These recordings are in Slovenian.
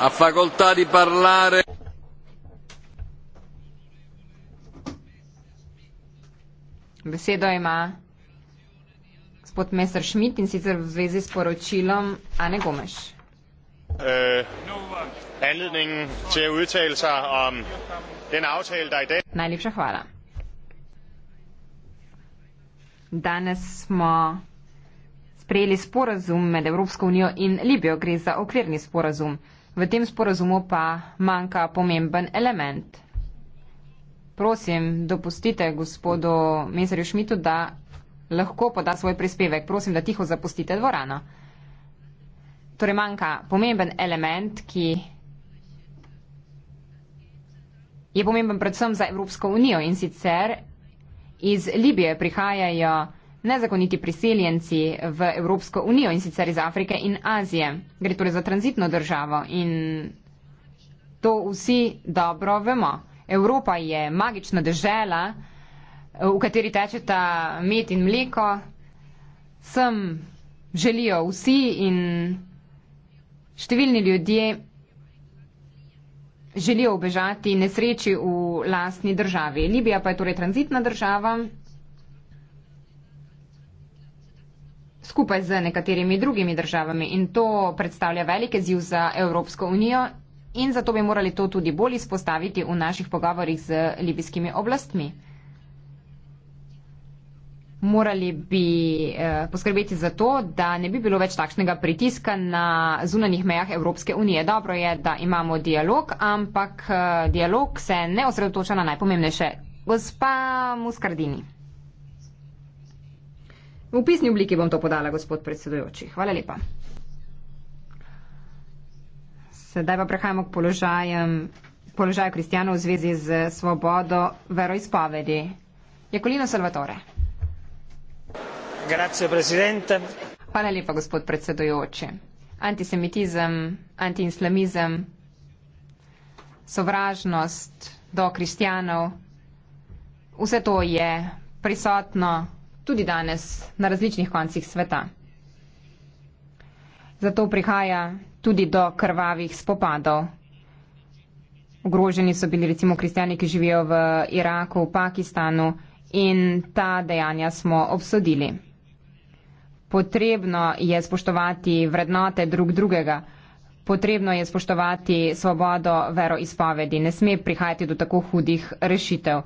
ha facoltà di parlare. Besedo ima gospod Messer Schmidt in sicer v zvezi s poročilom Ane Gomeš. Eh, er Najlepša hvala. Danes smo sprejeli sporazum med Evropsko unijo in Libijo. Gre za okvirni sporazum. V tem sporazumu pa manjka pomemben element. Prosim, dopustite gospodu Mesarju Šmitu, da lahko poda svoj prispevek. Prosim, da tiho zapustite dvorano. Torej manjka pomemben element, ki je pomemben predvsem za Evropsko unijo in sicer iz Libije prihajajo nezakoniti priseljenci v Evropsko unijo in sicer iz Afrike in Azije. Gre torej za tranzitno državo in to vsi dobro vemo. Evropa je magična država, v kateri tečeta med in mleko. Sem želijo vsi in številni ljudje želijo obežati nesreči v lastni državi. Libija pa je torej tranzitna država, skupaj z nekaterimi drugimi državami in to predstavlja velike ziv za Evropsko unijo in zato bi morali to tudi bolj izpostaviti v naših pogovorih z libijskimi oblastmi. Morali bi eh, poskrbeti za to, da ne bi bilo več takšnega pritiska na zunanjih mejah Evropske unije. Dobro je, da imamo dialog, ampak eh, dialog se ne osredotoča na najpomembnejše. Gospa Muscardini. V pisni obliki bom to podala, gospod predsedujoči. Hvala lepa. Sedaj pa prehajamo k položajem, položaju kristijanov v zvezi z svobodo veroizpovedi. Jakolino Salvatore. Grazie, presidente. Hvala lepa, gospod predsedujoči. Antisemitizem, antiinslamizem, sovražnost do kristijanov, vse to je prisotno tudi danes na različnih koncih sveta. Zato prihaja tudi do krvavih spopadov. Ogroženi so bili recimo kristjani, ki živijo v Iraku, v Pakistanu in ta dejanja smo obsodili. Potrebno je spoštovati vrednote drug drugega, potrebno je spoštovati svobodo veroizpovedi, ne sme prihajati do tako hudih rešitev.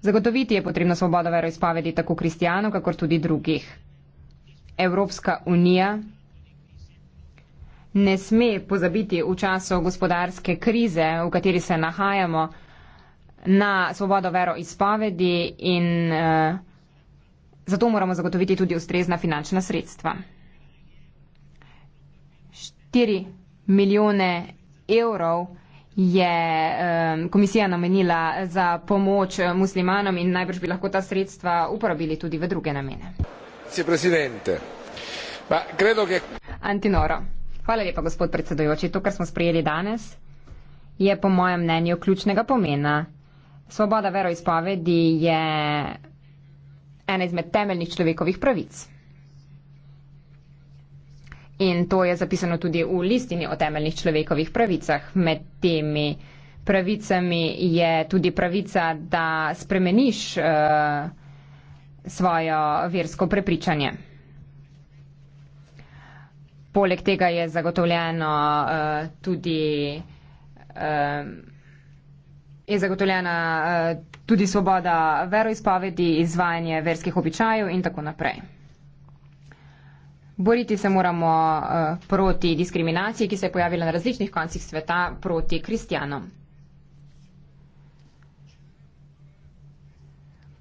Zagotoviti je potrebno svobodo veroizpovedi tako kristijanov, kakor tudi drugih. Evropska unija ne sme pozabiti v času gospodarske krize, v kateri se nahajamo, na svobodo veroizpovedi in eh, zato moramo zagotoviti tudi ustrezna finančna sredstva. 4 milijone evrov je um, komisija namenila za pomoč eh, muslimanom in najbrž bi lahko ta sredstva uporabili tudi v druge namene. Ma, credo che... Antinoro, hvala lepa, gospod predsedujoči. To, kar smo sprejeli danes, je po mojem mnenju ključnega pomena. Svoboda veroizpovedi je ena izmed temeljnih človekovih pravic. In to je zapisano tudi v listini o temeljnih človekovih pravicah. Med temi pravicami je tudi pravica, da spremeniš uh, svojo versko prepričanje. Poleg tega je zagotovljeno uh, tudi. Um, Je zagotovljena tudi svoboda veroizpovedi, izvajanje verskih običajev in tako naprej. Boriti se moramo eh, proti diskriminaciji, ki se je pojavila na različnih koncih sveta proti kristjanom.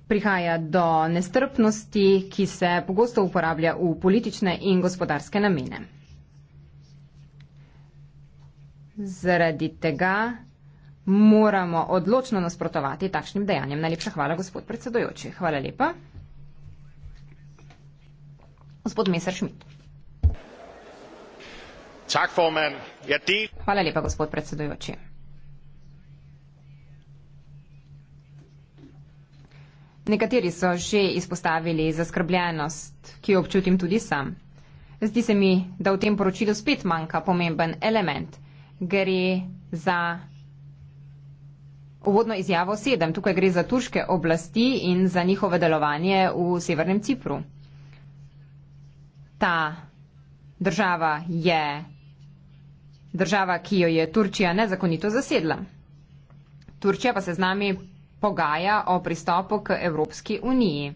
Prihaja do nestrpnosti, ki se pogosto uporablja v politične in gospodarske namene. Zaradi tega moramo odločno nasprotovati takšnim dejanjem. Najlepša hvala, gospod predsedojoči. Hvala lepa. Ja, Hvala lepa, gospod predsedujoči. Nekateri so že izpostavili zaskrbljenost, ki jo občutim tudi sam. Zdi se mi, da v tem poročilu spet manjka pomemben element. Gre za uvodno izjavo sedem. Tukaj gre za turške oblasti in za njihovo delovanje v severnem Cipru ta država je država, ki jo je Turčija nezakonito zasedla. Turčija pa se z nami pogaja o pristopu k Evropski uniji.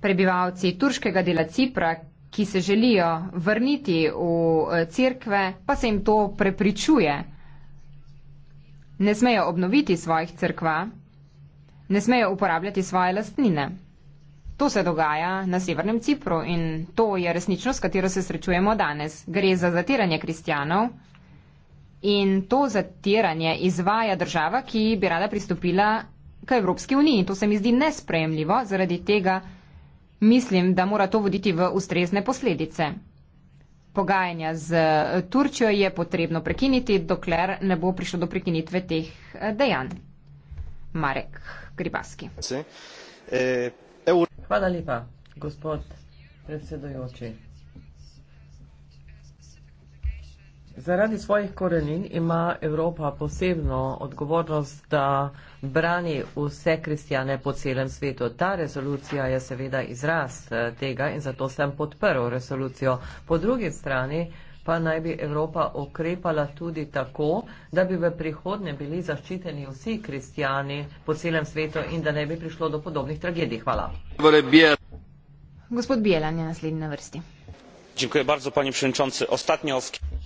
Prebivalci turškega dela Cipra, ki se želijo vrniti v eh, cerkve, pa se jim to prepričuje. Ne smejo obnoviti svojih cerkva, ne smejo uporabljati svoje lastnine. To se dogaja na severnem Cipru in to je resničnost, s katero se srečujemo danes. Gre za zatiranje kristjanov in to zatiranje izvaja država, ki bi rada pristopila k Evropski uniji. To se mi zdi nespremljivo, zaradi tega mislim, da mora to voditi v ustrezne posledice. Pogajanja z eh, Turčjo je potrebno prekiniti, dokler ne bo prišlo do prekinitve teh eh, dejanj. Marek Gribaski. Eh, eur... Hvala lepa, gospod predsedojoči. Zaradi svojih korenin ima Evropa posebno odgovornost, da brani vse kristjane po celem svetu. Ta rezolucija je seveda izraz eh, tega in zato sem podprl resolucijo. Po drugi strani pa naj bi Evropa okrepala tudi tako, da bi v prihodnje bili zaščiteni vsi kristijani po celem svetu in da ne bi prišlo do podobnih tragedij. Hvala. Gospod Bielan je naslednji na vrsti. Bardzo, Ostatnio...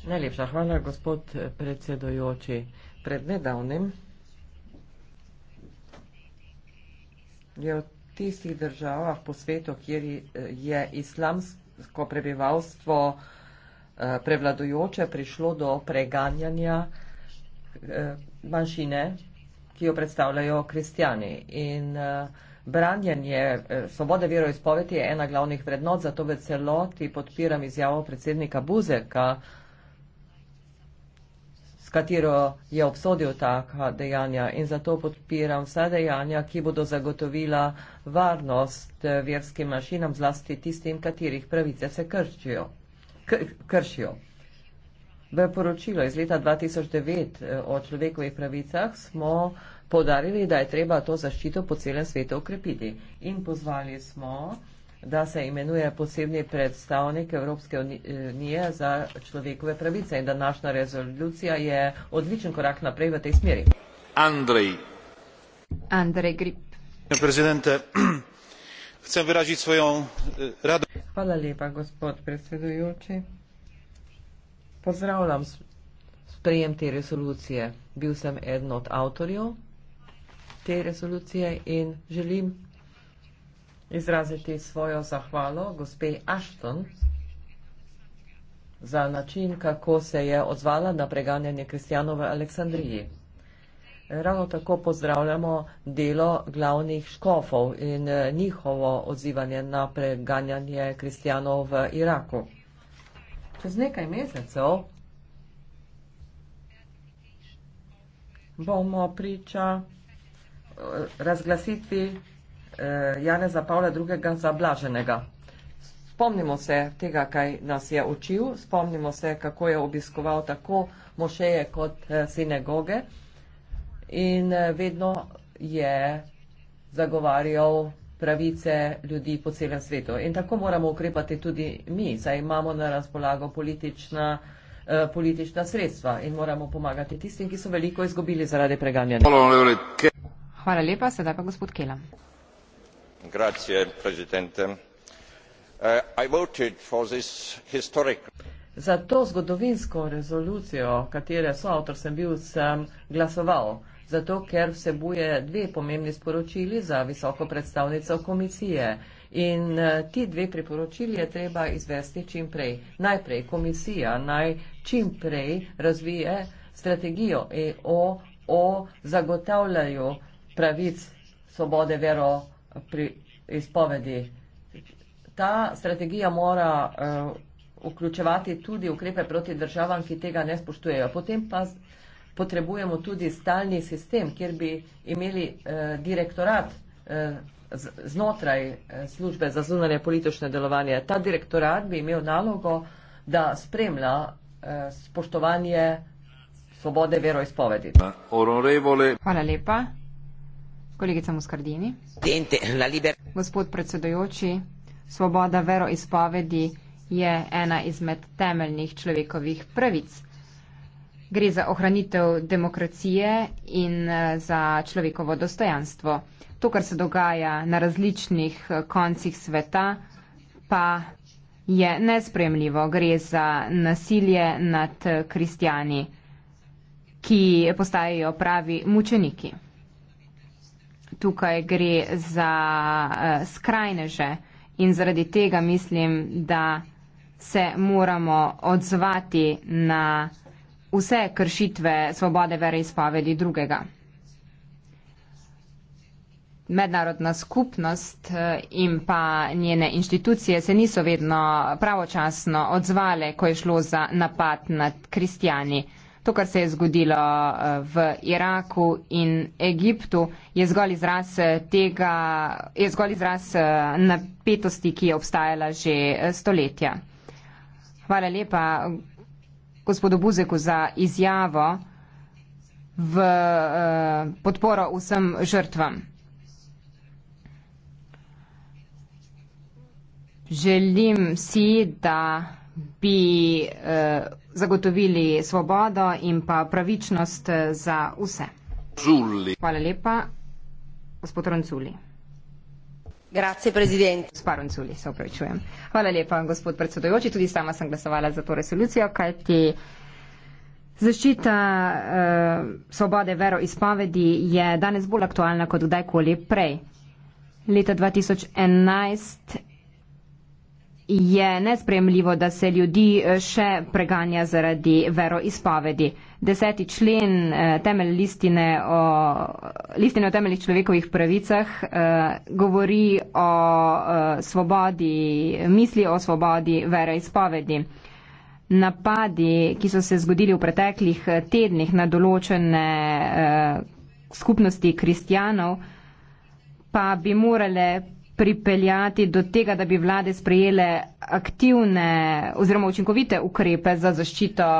Najlepša hvala, gospod predsedojoči. Pred nedavnim je v tistih državah po svetu, kjer je islamsko prebivalstvo, Eh, prevladujoče prišlo do preganjanja eh, manjšine, ki jo predstavljajo kristjani. In eh, branjanje svobode veroizpovedi je ena glavnih vrednot, zato v celoti podpiram izjavo predsednika Buzeka, s katero je obsodil taka dejanja in zato podpiram vsa dejanja, ki bodo zagotovila varnost verskim manjšinam, zlasti tistim, katerih pravice se krčijo kršijo. V poročilu iz leta 2009 eh, o človekovih pravicah smo podarili, da je treba to zaščito po celem svetu ukrepiti in pozvali smo, da se imenuje posebni predstavnik Evropske eh, unije za človekove pravice in današnja rezolucija je odličen korak naprej v tej smeri. Andrej. Andrej Grip. Ja, chcę wyrazić swoją e, radość. Hvala lepa, gospod predsedujoči. Pozdravljam sprejem te resolucije. Bil sem eden od avtorjev te resolucije in želim izraziti svojo zahvalo gospe Ashton za način, kako se je odzvala na preganjanje kristijanov v Aleksandriji. Hvala ravno tako pozdravljamo delo glavnih škofov in eh, njihovo odzivanje na preganjanje kristijanov v Iraku. Čez nekaj mesecev bomo priča eh, razglasitvi eh, Janeza Pavla II. za blaženega. Spomnimo se tega, kaj nas je učil, spomnimo se, kako je obiskoval tako mošeje kot sinagoge in eh, vedno je zagovarjal pravice ljudi po celem svetu. In tako moramo ukrepati tudi mi, saj imamo na razpolago politična, eh, politična sredstva in moramo pomagati tistim, ki so veliko izgubili zaradi preganjanja. Hvala lepa, sedaj pa gospod Kela. Uh, eh, Za to zgodovinsko rezolucijo, katere so avtor sem bil, sem glasoval. Uh, zato ker vsebuje dve pomembni sporočili za visoko predstavnico komisije. In eh, ti dve priporočili je treba izvesti čim prej. Najprej komisija naj čim prej razvije strategijo EO o zagotavljaju pravic svobode vero pri izpovedi. Ta strategija mora uh, vključevati tudi ukrepe proti državam, ki tega ne spoštujejo. Potem pa potrebujemo tudi stalni sistem, kjer bi imeli eh, direktorat eh, znotraj eh, službe za zunanje politične delovanje. Ta direktorat bi imel nalogo, da spremlja eh, spoštovanje svobode veroizpovedi. Hvala lepa. Kolegica Muskardini. Gospod predsedojoči, svoboda veroizpovedi je ena izmed temeljnih človekovih pravic gre za ohranitev demokracije in eh, za človekovo dostojanstvo. To, kar se dogaja na različnih eh, koncih sveta, pa je nespremljivo. Gre za nasilje nad eh, kristjani, ki postajajo pravi mučeniki. Tukaj gre za skrajneže in zaradi tega mislim, da se moramo odzvati na vse kršitve svobode vere izpovedi drugega. Mednarodna skupnost eh, in pa njene inštitucije se niso vedno pravočasno odzvale, ko je šlo za napad nad kristijani. To, kar se je zgodilo eh, v Iraku in Egiptu, je zgolj izraz, eh, tega, je zgolj izraz napetosti, ki je obstajala že stoletja. Hvala lepa, gospodu Buzeku za izjavo v uh, podporo vsem žrtvam. Želim si, da bi uh, zagotovili svobodo in pa pravičnost eh, za vse. Zulli. Hvala lepa, gospod Ronculi. Grazie, predsednica. Sparo in soli, se upravičujem. Hvala lepa, gospod predsedujoči. Tudi sama sem glasovala za to resolucijo, kajti zaščita eh, svobode veroizpovedi je danes bolj aktualna kot kdajkoli prej. Leta 2011 je nespremljivo, da se ljudi eh, še preganja zaradi veroizpovedi deseti člen eh, temelj listine o, listine o temeljih človekovih pravicah eh, govori o eh, svobodi misli, o svobodi vera izpovedi. Napadi, ki so se zgodili v preteklih tednih na določene skupnosti kristijanov, pa bi morale pripeljati do tega, da bi vlade sprejele aktivne oziroma učinkovite ukrepe za zaščito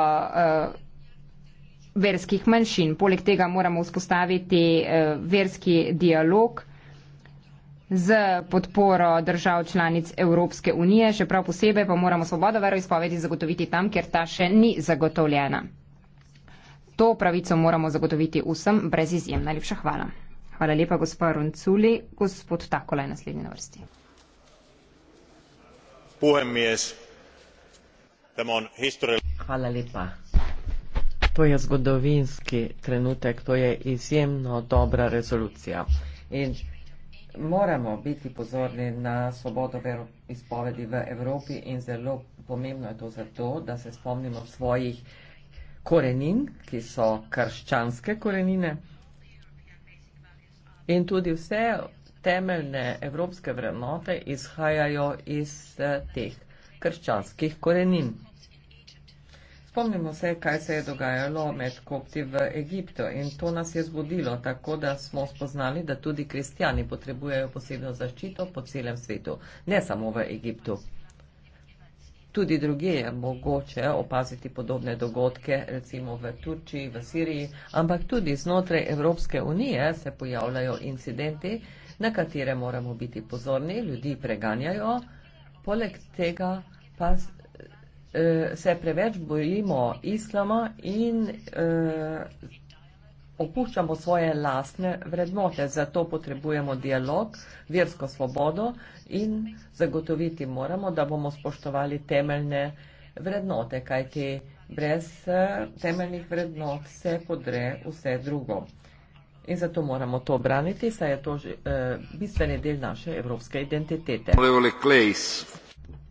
verskih manjšin. Poleg tega moramo vzpostaviti eh, verski dialog z podporo držav članic Evropske unije, še prav posebej pa moramo svobodo veroizpovedi zagotoviti tam, kjer ta še ni zagotovljena. To pravico moramo zagotoviti vsem brez izjem. Najlepša hvala. Hvala lepa, gospod Runculi. Gospod Takola je naslednji na vrsti. Hvala lepa to je zgodovinski trenutek, to je izjemno dobra rezolucija. In moramo biti pozorni na svobodo izpovedi v Evropi in zelo pomembno je to zato, da se spomnimo svojih korenin, ki so krščanske korenine in tudi vse temeljne evropske vrednote izhajajo iz eh, teh krščanskih korenin. Spomnimo se, kaj se je dogajalo med kopti v Egiptu in to nas je zbudilo, tako da smo spoznali, da tudi kristijani potrebujejo posebno zaščito po celem svetu, ne samo v Egiptu. Tudi druge je mogoče opaziti podobne dogodke, recimo v Turčiji, v Siriji, ampak tudi znotraj Evropske unije se pojavljajo incidenti, na katere moramo biti pozorni, ljudi preganjajo, poleg tega pa Eh, se preveč bojimo islama in eh, opuščamo svoje lastne vrednote. Zato potrebujemo dialog, versko svobodo in zagotoviti moramo, da bomo spoštovali temeljne vrednote, kajti brez eh, temeljnih vrednot se podre vse drugo. In zato moramo to braniti, saj je to že, eh, bistveni del naše evropske identitete.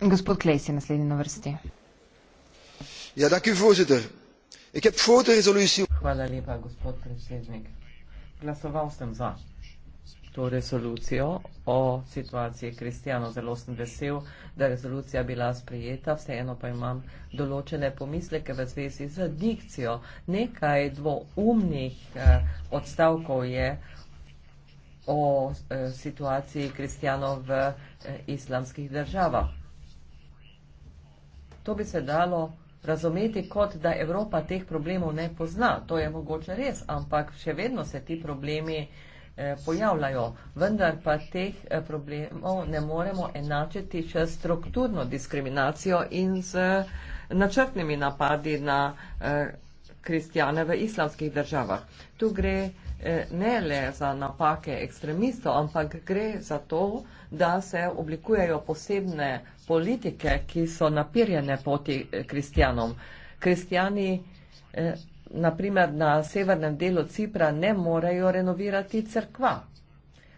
Gospod Klejs je naslednji na vrsti. Ja, voorzitter ik heb voor de resolutie. Hvala lepa, gospod predsednik. Glasoval sem za to resolucijo o situaciji kristijanov. Zelo sem vesel, da je rezolucija bila sprejeta, vseeno pa imam določene pomisleke v zvezi z dikcijo. Nekaj dvoumnih eh, odstavkov je o eh, situaciji kristijanov v eh, islamskih državah. To bi se dalo razumeti, kot da Evropa teh problemov ne pozna. To je mogoče res, ampak še vedno se ti problemi eh, pojavljajo. Vendar pa teh eh, problemov ne moremo enačiti še s strukturno diskriminacijo in z eh, načrtnimi napadi na kristjane v islamskih državah. Tu gre ne le za napake ekstremistov, ampak gre za to, da se oblikujejo posebne politike, ki so napirjene poti eh, kristijanom. Kristijani eh, naprimer na severnem delu Cipra ne morejo renovirati crkva.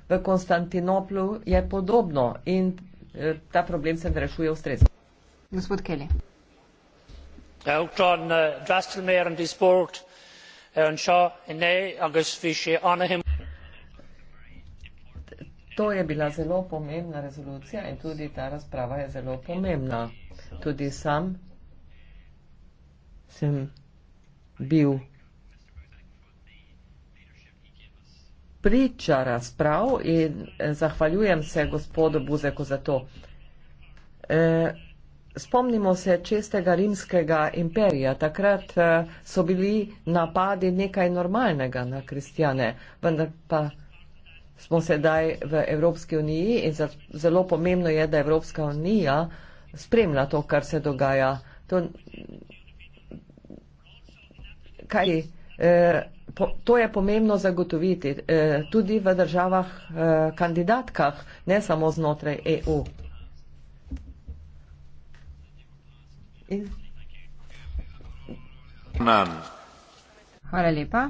V Konstantinoplu je podobno in eh, ta problem se rešuje ustrezno. Gospod Kelly. Elton, uh, Drastelmeier in Disport, Elton Shaw, Ine, August Fischer, Anahim. To je bila zelo pomembna rezolucija in tudi ta razprava je zelo pomembna. Tudi sam sem bil priča razprav in eh, zahvaljujem se gospodu Buzeku za to. E, spomnimo se čestega rimskega imperija. Takrat eh, so bili napadi nekaj normalnega na kristjane, vendar pa smo sedaj v Evropski uniji in zelo pomembno je, da Evropska unija spremlja to, kar se dogaja. To, kaj, eh, po, to je pomembno zagotoviti eh, tudi v državah eh, kandidatkah, ne samo znotraj EU. In? Hvala lepa.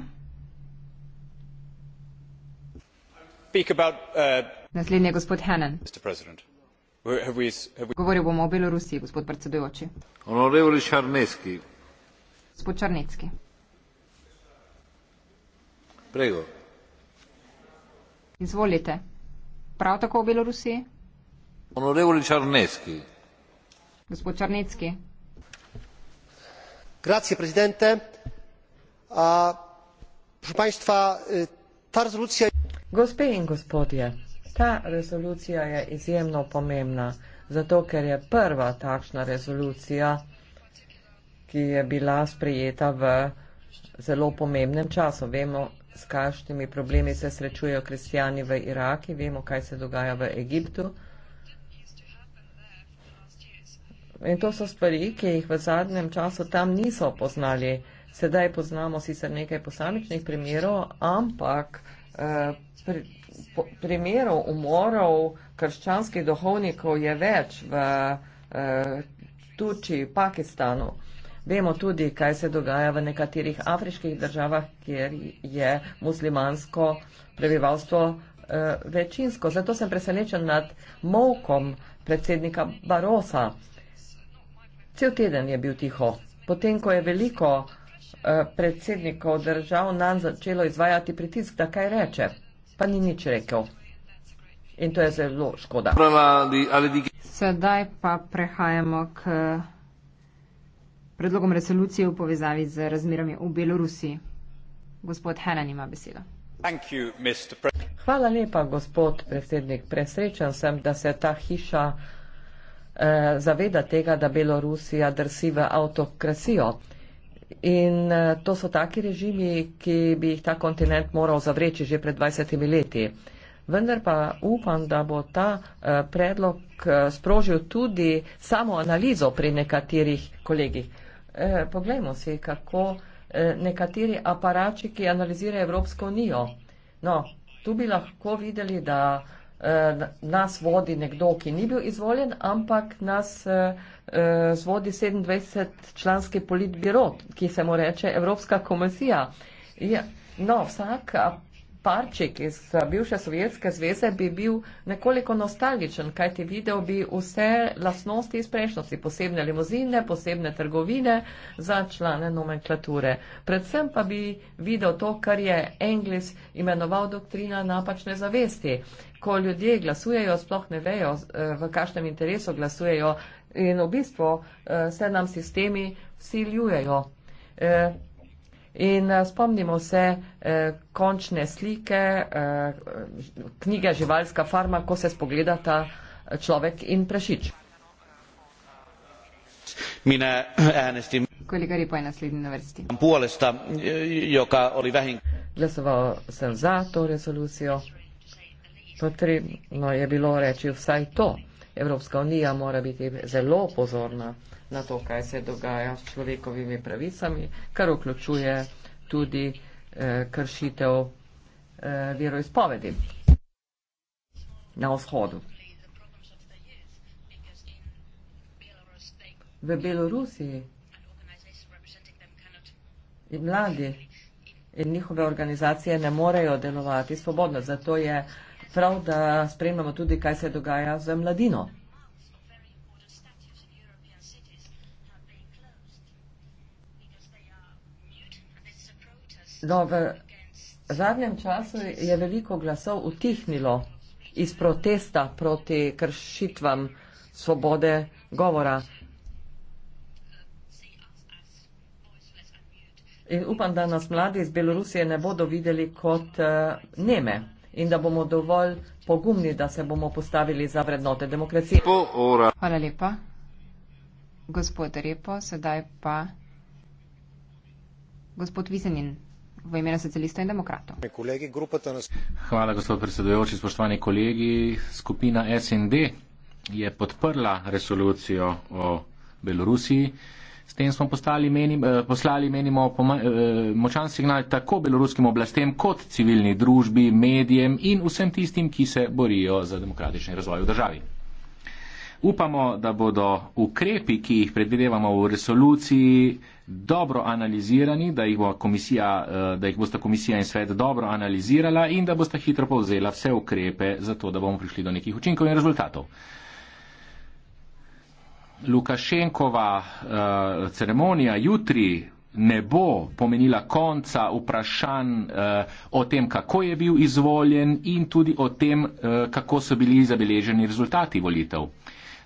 speak about uh Mr President. Have we, have we... Govoril bomo o Belorusiji, gospod predsedujoči. Gospod Črnecki. Prego. Izvolite. Prav tako o Belorusiji? Onorevoli Črnecki. Gospod Črnecki. Grazie, prezidente. Uh, Županjstva, uh, ta rezolucija Gospe in gospodje, ta rezolucija je izjemno pomembna, zato ker je prva takšna rezolucija, ki je bila sprejeta v zelo pomembnem času. Vemo, s kakšnimi problemi se srečujejo kristijani v Iraki, vemo, kaj se dogaja v Egiptu. In to so stvari, ki jih v zadnjem času tam niso poznali. Sedaj poznamo sicer nekaj posamičnih primerov, ampak. Eh, pri, po, primerov umorov krščanskih duhovnikov je več v uh, Turčiji, Pakistanu. Vemo tudi, kaj se dogaja v nekaterih afriških državah, kjer je muslimansko prebivalstvo uh, večinsko. Zato sem presenečen nad molkom predsednika Barosa. Cel teden je bil tiho. Potem, ko je veliko uh, Eh, predsednikov držav nam začelo izvajati pritisk, da kaj reče, pa ni nič rekel. In to je zelo škoda. Sedaj pa prehajamo k predlogom resolucije v povezavi z razmerami v Belorusiji. Gospod Henan ima besedo. You, Hvala lepa, gospod predsednik. Presrečen sem, da se ta hiša eh, zaveda tega, da Belorusija drsi v avtokrasijo. In eh, to so taki režimi, ki bi jih ta kontinent moral zavreči že pred 20 leti. Vendar pa upam, da bo ta eh, predlog eh, sprožil tudi samo analizo pri nekaterih kolegih. Poglejmo si, kako nekateri aparači, ki analizirajo Evropsko unijo. No, tu bi lahko videli, da eh, nas vodi nekdo, ki ni bil izvoljen, ampak nas eh, eh vodi 27 članski politbiro, ki se mu reče Evropska komisija. Ja, no, vsaka parček iz bivše Sovjetske zveze bi bil nekoliko nostalgičen, kajti videl bi vse lasnosti iz prejšnjosti, posebne limuzine, posebne trgovine za člane nomenklature. Predvsem pa bi videl to, kar je Engels imenoval doktrina napačne zavesti. Ko ljudje glasujejo, sploh ne vejo, eh, v kakšnem interesu glasujejo in v bistvu eh, se nam sistemi siljujejo. Eh, In eh, spomnimo se eh, končne slike eh, knjige Živalska farma, ko se spogledata eh, človek in prašič. Mine, eh, äänestin. Kolega Ripa je naslednji na vrsti. Puolesta, joka oli vähin. Glasoval sem za to resolucijo. Potrebno je bilo reči vsaj to. Evropska unija mora biti zelo pozorna na to, kaj se dogaja s človekovimi pravicami, kar vključuje tudi eh, kršitev eh, veroizpovedi na vzhodu. V Belorusiji in mladi in njihove organizacije ne morejo delovati svobodno, zato je prav, da spremljamo tudi, kaj se dogaja z mladino. No, v zadnjem času je veliko glasov utihnilo iz protesta proti kršitvam svobode govora. In upam, da nas mladi iz Belorusije ne bodo videli kot uh, neme in da bomo dovolj pogumni, da se bomo postavili za vrednote demokracije. Hvala lepa. Gospod Repo, sedaj pa. Gospod Vizenin, v imenu socialistov in demokratov. Hvala, gospod predsedujoči, spoštovani kolegi. Skupina SND je podprla resolucijo o Belorusiji. S tem smo postali, menim, eh, poslali, menimo, eh, močan signal tako beloruskim oblastem, kot civilni družbi, medijem in vsem tistim, ki se borijo za demokratični razvoj v državi. Upamo, da bodo ukrepi, ki jih predvidevamo v resoluciji, dobro analizirani, da jih, bo komisija, eh, da jih bosta komisija in svet dobro analizirala in da bosta hitro povzela vse ukrepe za to, da bomo prišli do nekih učinkov in rezultatov. Lukašenkova uh, ceremonija jutri ne bo pomenila konca vprašanj uh, o tem, kako je bil izvoljen in tudi o tem, uh, kako so bili zabeleženi rezultati volitev. Uh,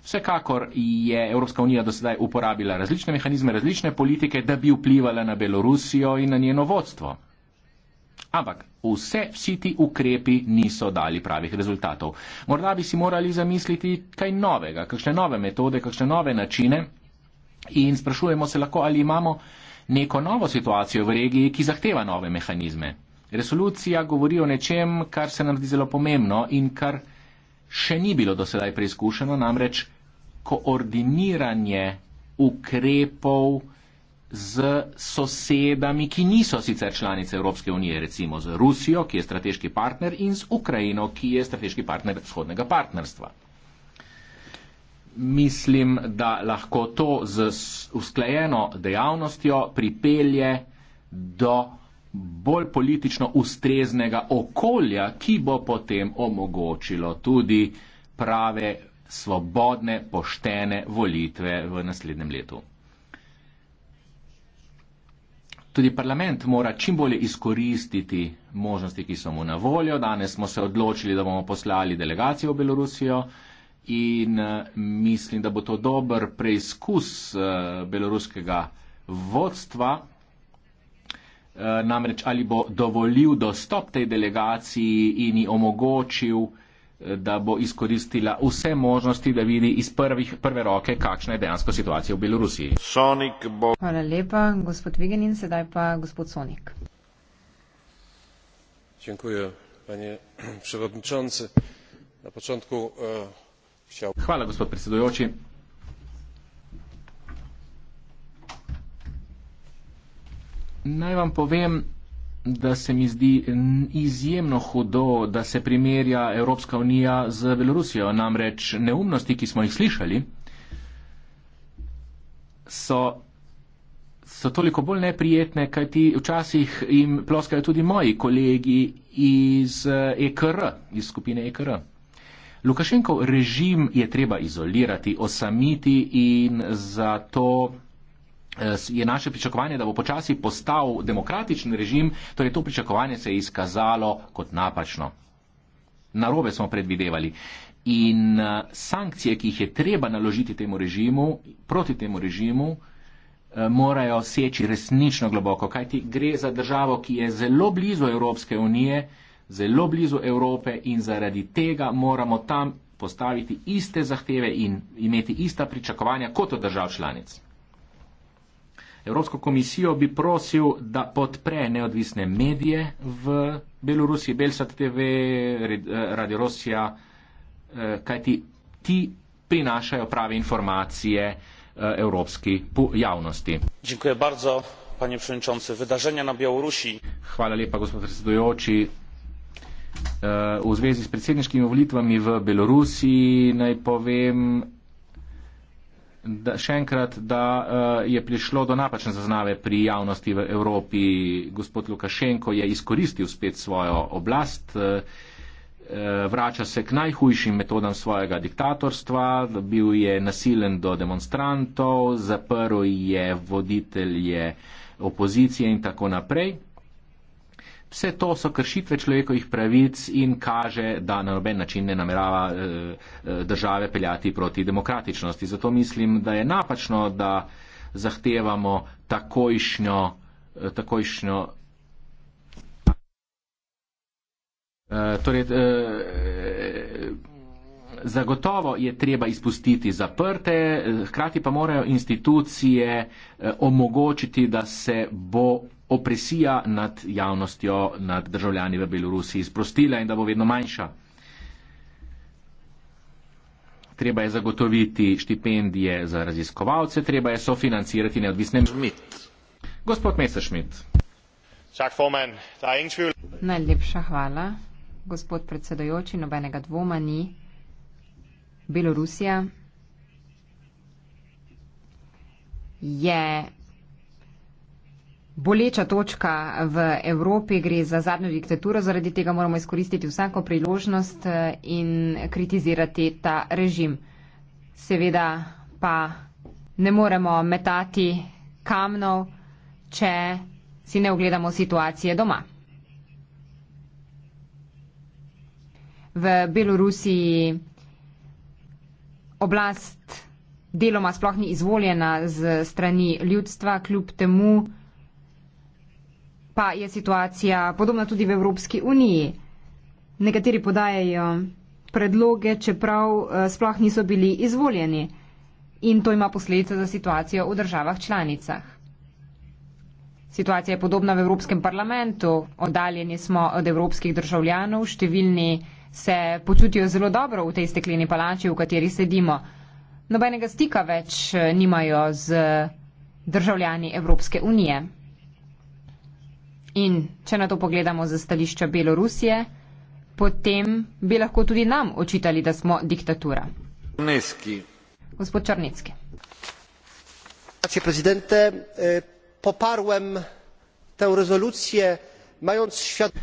Vsekakor je Evropska unija do sedaj uporabila različne mehanizme, različne politike, da bi vplivala na Belorusijo in na njeno vodstvo. Ampak vse, vsi ti ukrepi niso dali pravih rezultatov. Morda bi si morali zamisliti kaj novega, kakšne nove metode, kakšne nove načine in sprašujemo se lahko, ali imamo neko novo situacijo v regiji, ki zahteva nove mehanizme. Resolucija govori o nečem, kar se nam zdi zelo pomembno in kar še ni bilo dosedaj preizkušeno, namreč koordiniranje ukrepov z sosedami, ki niso sicer članice Evropske unije, recimo z Rusijo, ki je strateški partner, in z Ukrajino, ki je strateški partner vzhodnega partnerstva. Mislim, da lahko to z usklajeno dejavnostjo pripelje do bolj politično ustreznega okolja, ki bo potem omogočilo tudi prave, svobodne, poštene volitve v naslednjem letu. Tudi parlament mora čim bolje izkoristiti možnosti, ki so mu na voljo. Danes smo se odločili, da bomo poslali delegacijo v Belorusijo in eh, mislim, da bo to dober preizkus eh, beloruskega vodstva, Eh, namreč ali bo dovolil dostop tej delegaciji in ji omogočil, eh, da bo izkoristila vse možnosti, da vidi iz prvih, prve roke, kakšna je dejansko situacija v Belorusiji. Bo... Hvala lepa, gospod Vigenin, sedaj pa gospod Sonik. E, Hvala, gospod predsedujoči. Naj vam povem, da se mi zdi izjemno hudo, da se primerja Evropska unija z Belorusijo. Namreč neumnosti, ki smo jih slišali, so, so toliko bolj neprijetne, kajti včasih jim ploskajo tudi moji kolegi iz EKR, eh, e iz skupine EKR. Lukašenkov režim je treba izolirati, osamiti in zato Eh, je naše pričakovanje, da bo počasi postal demokratičen režim, torej to pričakovanje se je izkazalo kot napačno. Narobe smo predvidevali. In eh, sankcije, ki jih je treba naložiti temu režimu, proti temu režimu, eh, morajo seči resnično globoko, kajti gre za državo, ki je zelo blizu Evropske unije, zelo blizu Evrope in zaradi tega moramo tam postaviti iste zahteve in imeti ista pričakovanja kot od držav članic. Evropsko komisijo bi prosil, da podpre neodvisne medije v Belorusiji, Belsat TV, eh, Radio Rosija, eh, kajti ti prinašajo prave informacije eh, evropski javnosti. Dziękuję bardzo, panie przewodniczący. Wydarzenia na Białorusi. Hvala lepa, gospod predsedujoči. V zvezi s predsedniškimi volitvami v Belorusiji naj povem, da, še enkrat, da uh, je prišlo do napačne zaznave pri javnosti v Evropi. Gospod Lukašenko je izkoristil spet svojo oblast, uh, vrača se k najhujšim metodam svojega diktatorstva, bil je nasilen do demonstrantov, zaprl je voditelje opozicije in tako naprej. Vse to so kršitve človekovih pravic in kaže, da na noben način ne namerava eh, eh, države peljati proti demokratičnosti. Zato mislim, da je napačno, da zahtevamo takojšnjo. Eh, takojšnjo torej, Zagotovo je treba izpustiti zaprte, hkrati pa morajo institucije omogočiti, da se bo opresija nad javnostjo, nad državljani v Belorusiji sprostila in da bo vedno manjša. Treba je zagotoviti štipendije za raziskovalce, treba je sofinancirati neodvisne medije. Gospod Messerschmidt. Er Najlepša hvala, gospod predsedojoči, nobenega dvoma ni. Belorusija je boleča točka v Evropi, gre za zadnjo diktaturo, zaradi tega moramo izkoristiti vsako priložnost eh, in kritizirati ta režim. Seveda pa ne moremo metati kamnov, če si ne ogledamo situacije doma. V Belorusiji oblast deloma sploh ni izvoljena z strani ljudstva, kljub temu, pa je situacija podobna tudi v Evropski uniji. Nekateri podajajo predloge, čeprav eh, sploh niso bili izvoljeni. In to ima posledice za situacijo v državah članicah. Situacija je podobna v Evropskem parlamentu. Oddaljeni smo od evropskih državljanov, številni se počutijo zelo dobro v tej stekleni palači, v kateri sedimo. Nobenega stika več eh, nimajo z državljani Evropske unije. In če na to pogledamo za stališča Belorusije, potem bi lahko tudi nam očitali, da smo diktatura. Črnecki. Gospod Črnecki. Hvala, predsednik. E, Poparujem te rezolucije, imajoč svet.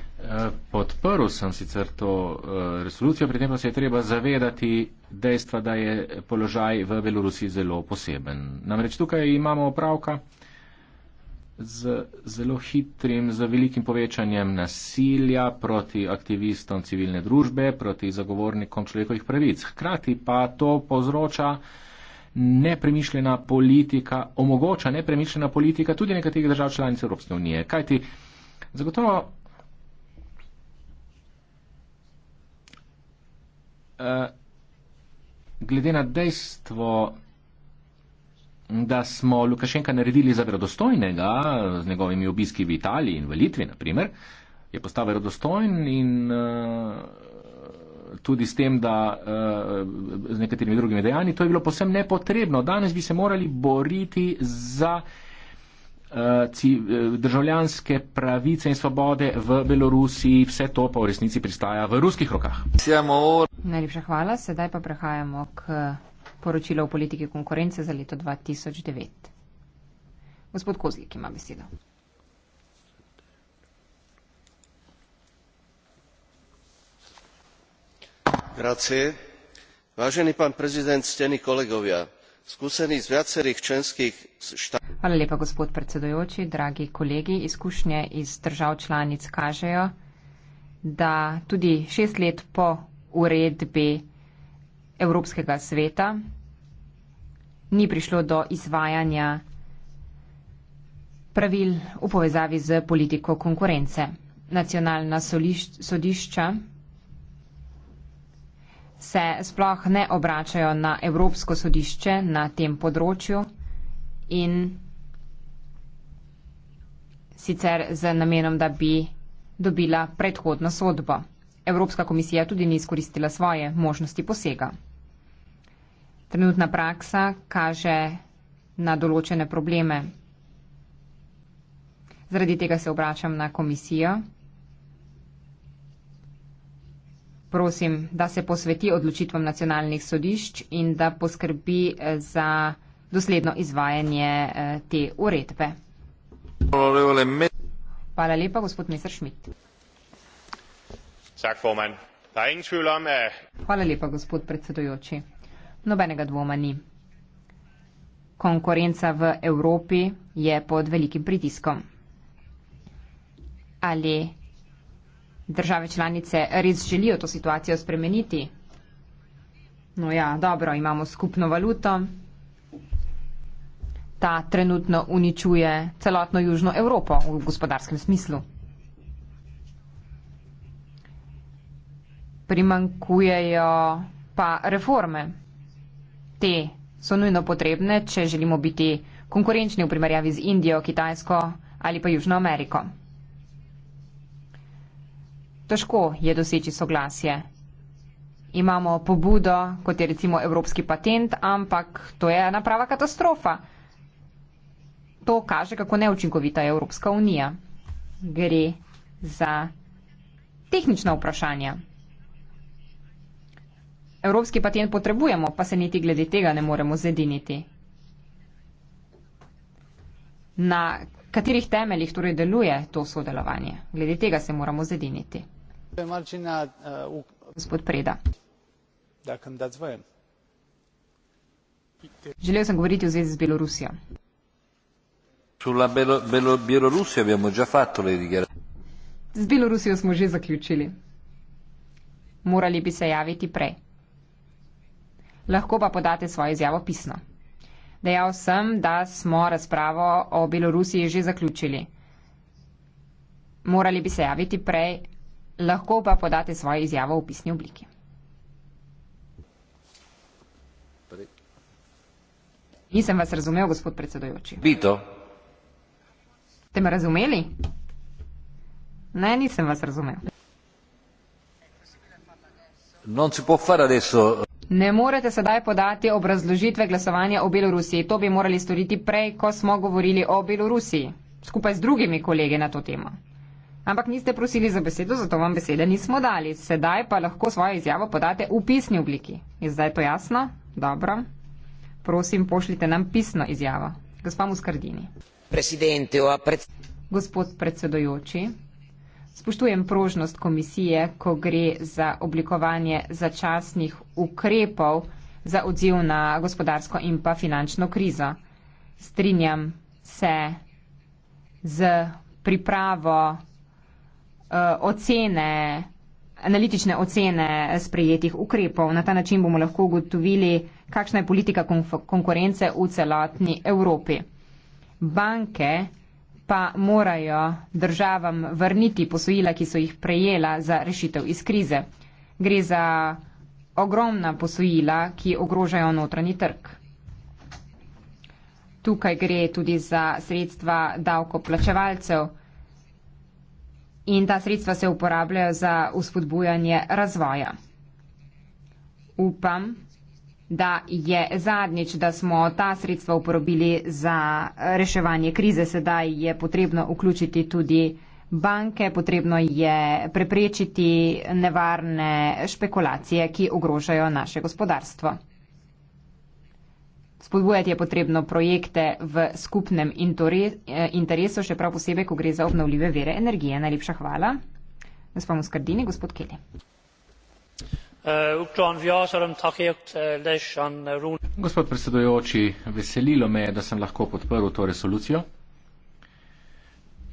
Podprl sem sicer to e, resolucijo, pri tem pa se je treba zavedati dejstva, da je položaj v Belorusiji zelo poseben. Namreč tukaj imamo opravka z zelo hitrim, z velikim povečanjem nasilja proti aktivistom civilne družbe, proti zagovornikom človekovih pravic. Hkrati pa to povzroča nepremišljena politika, omogoča nepremišljena politika tudi nekaterih držav članic Evropske unije. Kajti zagotovo. Uh, glede na dejstvo, da smo Lukašenka naredili za verodostojnega z njegovimi obiski v Italiji in v Litvi, naprimer, je postal verodostojen in uh, tudi s tem, da uh, z nekaterimi drugimi dejanji, to je bilo posebno nepotrebno. Danes bi se morali boriti za uh, eh, civ, državljanske pravice in svobode v Belorusiji, vse to pa v resnici pristaja v ruskih rokah. Najlepša hvala, sedaj pa prehajamo k poročilo o politiki konkurence za leto 2009. Gospod Kozlik ima besedo. Grazie. Važeni pan prezident, steni kolegovja, skuseni iz viacerih členskih štab. Hvala lepa, gospod predsedujoči, dragi kolegi. Izkušnje iz držav članic kažejo, da tudi šest let po uredbi Evropskega sveta ni prišlo do izvajanja pravil v povezavi z politiko konkurence. Nacionalna sodišča se sploh ne obračajo na Evropsko sodišče na tem področju in sicer z namenom, da bi dobila predhodno sodbo. Evropska komisija tudi ni izkoristila svoje možnosti posega trenutna praksa kaže na določene probleme. Zaradi tega se obračam na komisijo. Prosim, da se posveti odločitvam nacionalnih sodišč in da poskrbi eh, za dosledno izvajanje eh, te uredbe. Hvala lepa, gospod Mr. Schmidt. Er Hvala lepa, gospod predsedujoči. Nobenega dvoma ni. Konkurenca v Evropi je pod velikim pritiskom. Ali države članice res želijo to situacijo spremeniti? No ja, dobro, imamo skupno valuto. Ta trenutno uničuje celotno Južno Evropo v gospodarskem smislu. Primankujejo pa reforme, te so nujno potrebne, če želimo biti konkurenčni v primerjavi z Indijo, Kitajsko ali pa Južno Ameriko. Težko je doseči soglasje. Imamo pobudo, kot je recimo evropski patent, ampak to je ena prava katastrofa. To kaže, kako neučinkovita je Evropska unija. Gre za tehnična vprašanja. Evropski patent potrebujemo, pa se niti glede tega ne moremo zediniti. Na katerih temeljih torej deluje to sodelovanje? Glede tega se moramo zediniti. Gospod Preda. Želel sem govoriti v zvezi z Belorusijo. Z Belorusijo smo že zaključili. Morali bi se javiti prej lahko pa podate svojo izjavo pisno. Dejal sem, da smo razpravo o Belorusiji že zaključili. Morali bi se javiti prej, lahko pa podate svojo izjavo v pisni obliki. Nisem vas razumel, gospod predsedojoči. Bi to. Ste me razumeli? Ne, nisem vas razumel. Non si può fare adesso. Ne morete sedaj podati obrazložitve glasovanja o Belorusiji. To bi morali storiti prej, ko smo govorili o Belorusiji, skupaj z drugimi kolegi na to temo. Ampak niste prosili za besedo, zato vam besede nismo dali. Sedaj pa lahko svojo izjavo podate v pisni obliki. Je zdaj to jasno? Dobro. Prosim, pošljite nam pisno izjavo. Gospa Muskardini. Gospod predsedojoči, spoštujem prožnost komisije, ko gre za oblikovanje začasnih ukrepov za odziv na gospodarsko in pa finančno krizo. Strinjam se z pripravo eh, ocene, analitične ocene sprejetih ukrepov. Na ta način bomo lahko ugotovili, kakšna je politika konkurence v celotni Evropi. Banke pa morajo državam vrniti posojila, ki so jih prejela za rešitev iz krize. Gre za ogromna posojila, ki ogrožajo notranji trg. Tukaj gre tudi za sredstva davkoplačevalcev in ta sredstva se uporabljajo za uspodbujanje razvoja. Upam, da je zadnjič, da smo ta sredstva uporabili za reševanje krize, sedaj je potrebno vključiti tudi banke, potrebno je preprečiti nevarne špekulacije, ki ogrožajo naše gospodarstvo. Spodbujati je potrebno projekte v skupnem eh, interesu, še prav posebej, ko gre za obnovljive vere energije. Najlepša hvala. Gospod Muskardini, gospod Kelly. Uh, uh, uh, gospod predsedujoči veselilo me je da sem lahko podprl to resolucijo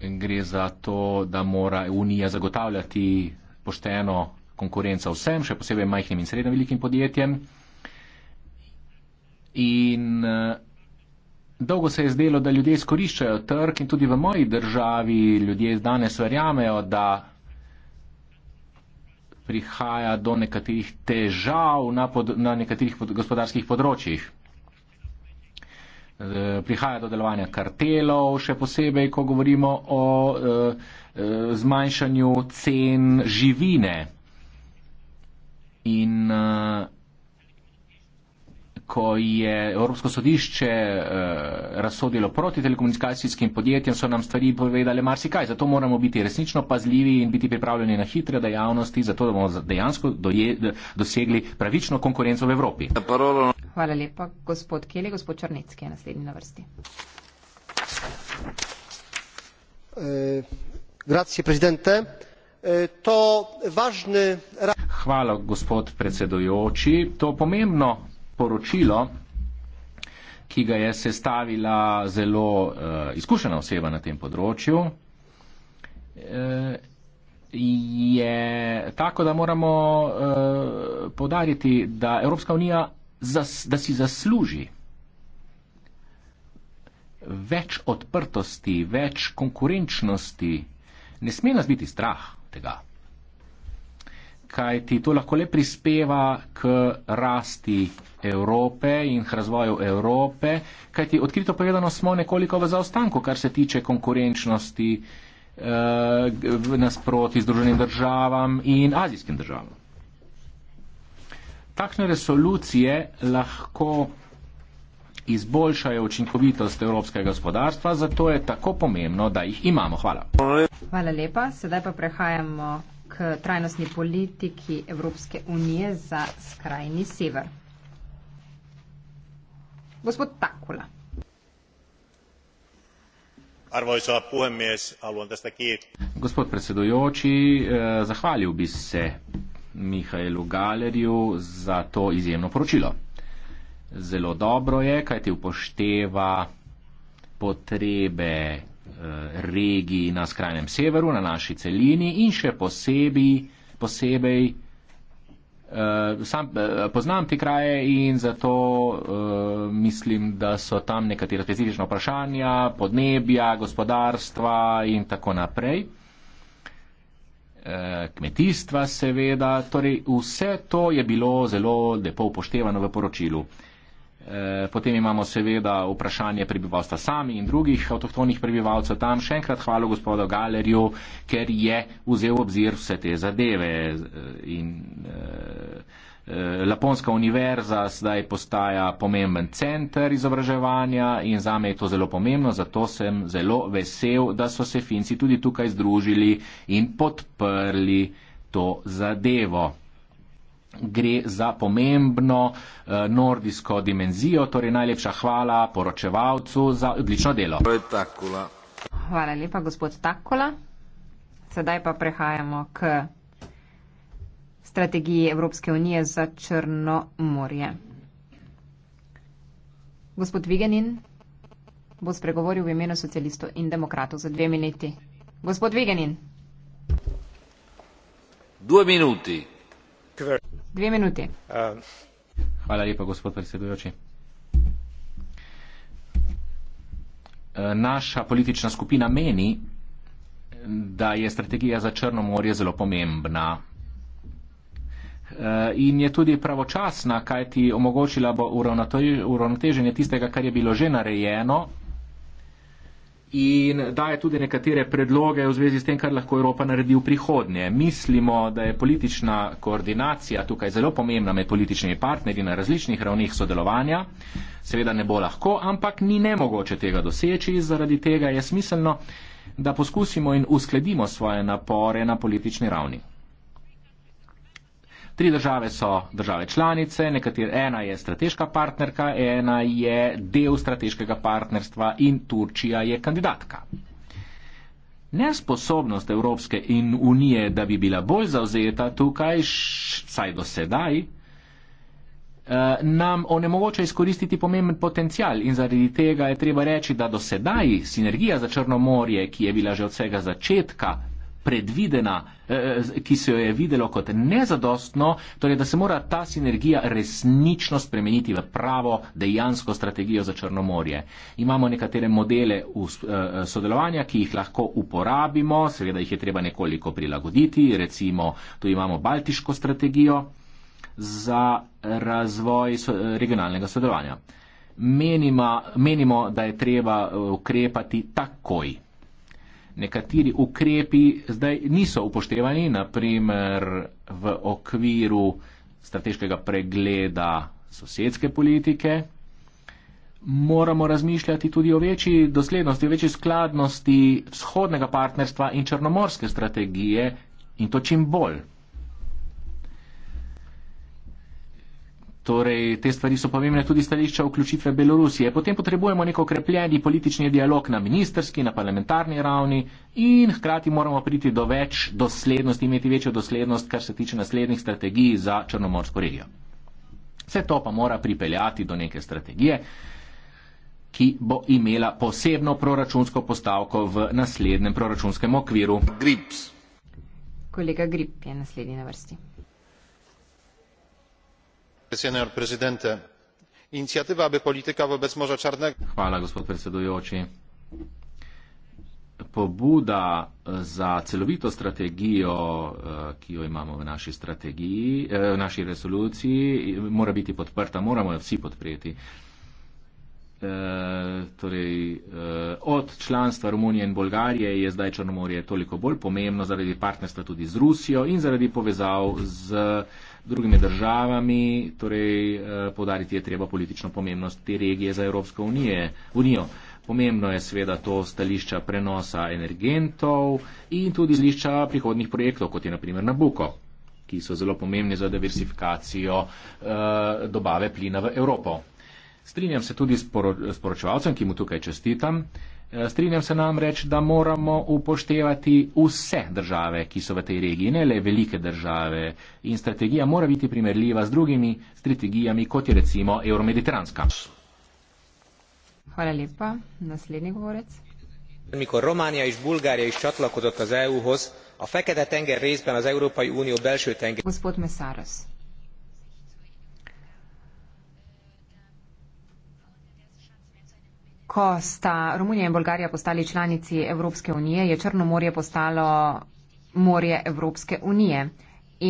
in gre za to da mora unija zagotavljati pošteno konkurenco vsem še posebej majhnim in srednjim velikim podjetjem in Dolgo se je zdelo, da ljudje izkoriščajo trg in tudi v moji državi ljudje danes verjamejo, da prihaja do nekaterih težav na, pod, na nekaterih pod, gospodarskih področjih. E, prihaja do delovanja kartelov, še posebej, ko govorimo o e, e, zmanjšanju cen živine. In e, ko je Evropsko sodišče eh, razsodilo proti telekomunikacijskim podjetjem, so nam stvari povedali marsikaj. Zato moramo biti resnično pazljivi in biti pripravljeni na hitre dejavnosti, zato da bomo dejansko doje, dosegli pravično konkurenco v Evropi. Hvala lepa, gospod Kele. Gospod Črnecki je naslednji na vrsti. Eh, eh, Hvala, gospod predsedujoči. To pomembno poročilo, ki ga je sestavila zelo uh, izkušena oseba na tem področju, uh, je tako, da moramo uh, eh, podariti, da Evropska unija zas, da si zasluži več odprtosti, več konkurenčnosti. Ne sme nas biti strah tega kaj ti to lahko le prispeva k rasti Evrope in k razvoju Evrope, kaj ti odkrito povedano smo nekoliko v zaostanku, kar se tiče konkurenčnosti eh, v nasproti združenim državam in azijskim državam. Takšne resolucije lahko izboljšajo učinkovitost evropskega gospodarstva, zato je tako pomembno, da jih imamo. Hvala. Hvala lepa. Sedaj pa prehajamo k trajnostni politiki Evropske unije za skrajni sever. Gospod Takula. Arvoisa puhemies, haluan tästä kiittää. Gospod presedujoči, eh, zahvalil bi se Mihailu Galeriju za to izjemno poročilo. Zelo dobro je, kaj ti upošteva potrebe Eh, regiji na skrajnem severu, na naši celini in še posebej, posebej uh, sam, uh, poznam te kraje in zato uh, mislim, da so tam nekatera specifična vprašanja, podnebja, gospodarstva in tako naprej. Kmetijstva, seveda, torej vse to je bilo zelo lepo upoštevano v poročilu. Uh, Eh, potem imamo seveda vprašanje prebivalstva sami in drugih avtohtonih prebivalcev tam. Še enkrat hvala gospodu Galerju, ker je vzel obzir vse te zadeve. Eh, in, eh, Laponska univerza zdaj postaja pomemben center izobraževanja in za me je to zelo pomembno, zato sem zelo vesel, da so se Finci tudi tukaj združili in podprli to zadevo gre za pomembno eh, nordijsko dimenzijo, torej najlepša hvala poročevalcu za odlično delo. Hvala lepa, gospod Takola. Sedaj pa prehajamo k strategiji Evropske unije za Črno morje. Gospod Vigenin bo spregovoril v imenu socialistov in demokratov za dve minuti. Gospod Vigenin. Dve minuti. Dve minuti. Hvala lepa, gospod predsedujoči. E, naša politična skupina meni, da je strategija za Črno morje zelo pomembna. E, in je tudi pravočasna, kajti omogočila bo uravnoteženje tistega, kar je bilo že narejeno in daje tudi nekatere predloge v zvezi s tem, kar lahko Evropa naredi v prihodnje. Mislimo, da je politična koordinacija tukaj zelo pomembna med političnimi partnerji na različnih ravnih sodelovanja. Seveda ne bo lahko, ampak ni nemogoče tega doseči. Zaradi tega je smiselno, da poskusimo in uskladimo svoje napore na politični ravni. Tri države so države članice, nekatere, ena je strateška partnerka, ena je del strateškega partnerstva in Turčija je kandidatka. Nesposobnost Evropske in unije, da bi bila bolj zauzeta tukaj, saj do sedaj, eh, nam onemogoča izkoristiti pomemben potencial in zaradi tega je treba reči, da do sedaj sinergija za Črno morje, ki je bila že od vsega začetka predvidena, eh, eh, ki se jo je videlo kot nezadostno, torej da se mora ta sinergija resnično spremeniti v pravo, dejansko strategijo za Črnomorje. Imamo nekatere modele eh, sodelovanja, ki jih lahko uporabimo, seveda jih je treba nekoliko prilagoditi, recimo tu imamo baltiško strategijo za razvoj regionalnega sodelovanja. Menima, menimo, da je treba ukrepati takoj nekateri ukrepi zdaj niso upoštevani, naprimer v okviru strateškega pregleda sosedske politike. Moramo razmišljati tudi o večji doslednosti, o večji skladnosti vzhodnega partnerstva in črnomorske strategije in to čim bolj. Torej, te stvari so pomembne tudi stališča vključitve Belorusije. Potem potrebujemo nek okrepljeni politični dialog na ministerski, na parlamentarni ravni in hkrati moramo priti do več doslednosti, imeti večjo doslednost, kar se tiče naslednjih strategij za Črnomorsko regijo. Vse to pa mora pripeljati do neke strategije, ki bo imela posebno proračunsko postavko v naslednjem proračunskem okviru. Grips. Kolega Grip je naslednji na vrsti inicjatywa aby polityka wobec morza czarnego pobuda eh, za celovito strategijo eh, ki jo imamo v naši strategiji eh, v naši resoluciji mora biti podprta moramo jo vsi podpreti Eh, torej, eh, od članstva Romunije in Bolgarije je zdaj Črnomorje toliko bolj pomembno zaradi partnerstva tudi z Rusijo in zaradi povezav z drugimi državami, torej eh, podariti je treba politično pomembnost te regije za Evropsko unije, unijo. Pomembno je sveda to stališča prenosa energentov in tudi stališča prihodnih projektov, kot je naprimer Nabuko, ki so zelo pomembni za diversifikacijo eh, dobave plina v Evropo. Strinjam se tudi s poročevalcem, ki mu tukaj čestitam. Eh, strinjam se namreč, da moramo upoštevati vse države, ki so v tej regiji, ne le velike države. In strategija mora biti primerljiva z drugimi strategijami, kot je recimo euromediteranska. Hvala lepa. Naslednji govorec. Mikor Romanija in Bulgarija izčatlakodata za EU-hoz, a fekete tenger resben za Evropsko unijo, belšjo tenger. Gospod Mesaros. ko sta Romunija in Bolgarija postali članici Evropske unije, je Črno morje postalo morje Evropske unije.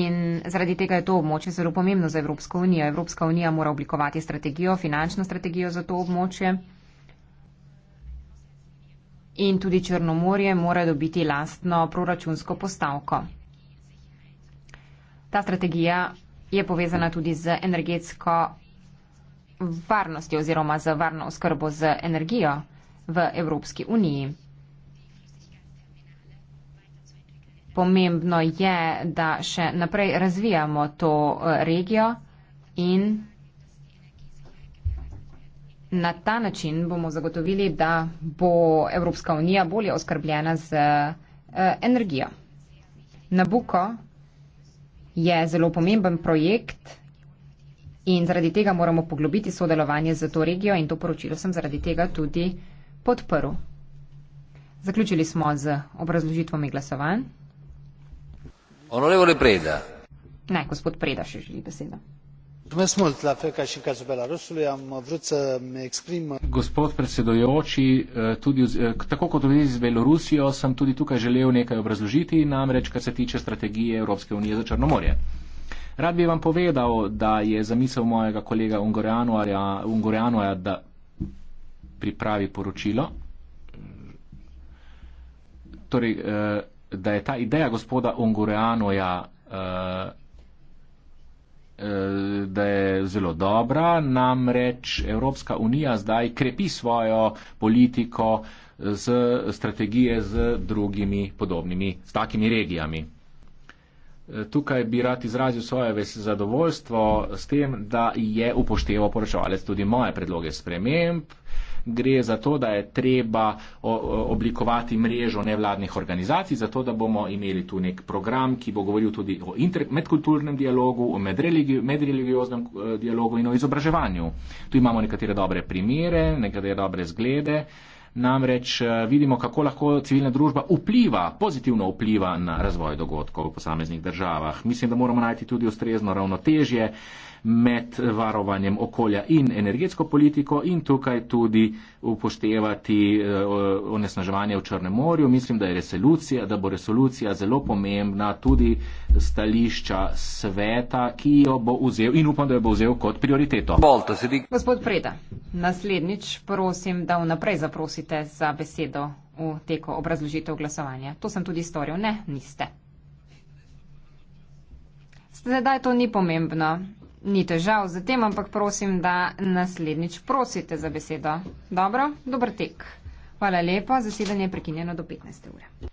In zaradi tega je to območje zelo pomembno za Evropsko unijo. Evropska unija mora oblikovati strategijo, finančno strategijo za to območje. In tudi Črno morje mora dobiti lastno proračunsko postavko. Ta strategija je povezana tudi z energetsko varnosti oziroma za varno oskrbo z energijo v Evropski uniji. Pomembno je, da še naprej razvijamo to eh, regijo in na ta način bomo zagotovili, da bo Evropska unija bolje oskrbljena z eh, energijo. Nabuko je zelo pomemben projekt, In zaradi tega moramo poglobiti sodelovanje z to regijo in to poročilo sem zaradi tega tudi podprl. Zaključili smo z obrazložitvami glasovanj. Onorevole Preda. Ne, gospod Preda še želi besedo. Gospod predsedojoči, eh, tudi, eh, tako kot v zvezi z Belorusijo, sem tudi tukaj želel nekaj obrazložiti, namreč kar se tiče strategije Evropske unije za Črno morje. Rad bi vam povedal, da je zamisel mojega kolega Ungorjanoja, da pripravi poročilo. Torej, eh, da je ta ideja gospoda Ungorjanoja, eh, eh, da je zelo dobra, namreč Evropska unija zdaj krepi svojo politiko z strategije z drugimi podobnimi, s takimi regijami. Eh, tukaj bi rad izrazil svoje zadovoljstvo s tem, da je upošteval poročevalec tudi moje predloge sprememb. Gre za to, da je treba oblikovati mrežo nevladnih organizacij, zato da bomo imeli tu nek program, ki bo govoril tudi o medkulturnem dialogu, o medreligioznem eh, dialogu in o izobraževanju. Tu imamo nekatere dobre primere, nekatere dobre zglede. Uh, namreč eh, vidimo, kako lahko civilna družba vpliva, pozitivno vpliva na razvoj dogodkov v posameznih državah. Mislim, da moramo najti tudi ustrezno ravnotežje med varovanjem okolja in energetsko politiko in tukaj tudi upoštevati eh, onesnaževanje v Črnem morju. Mislim, da, resolucija, da bo resolucija zelo pomembna tudi stališča sveta, ki jo bo vzel in upam, da jo bo vzel kot prioriteto. Gospod Preda, naslednjič prosim, da vnaprej zaprosite za besedo v teko obrazložitev glasovanja. To sem tudi storil. Ne, niste. Zdaj to ni pomembno. Ni težav z tem, ampak prosim, da naslednjič prosite za besedo. Dobro, dober tek. Hvala lepa, zasedanje je prekinjeno do 15. ure.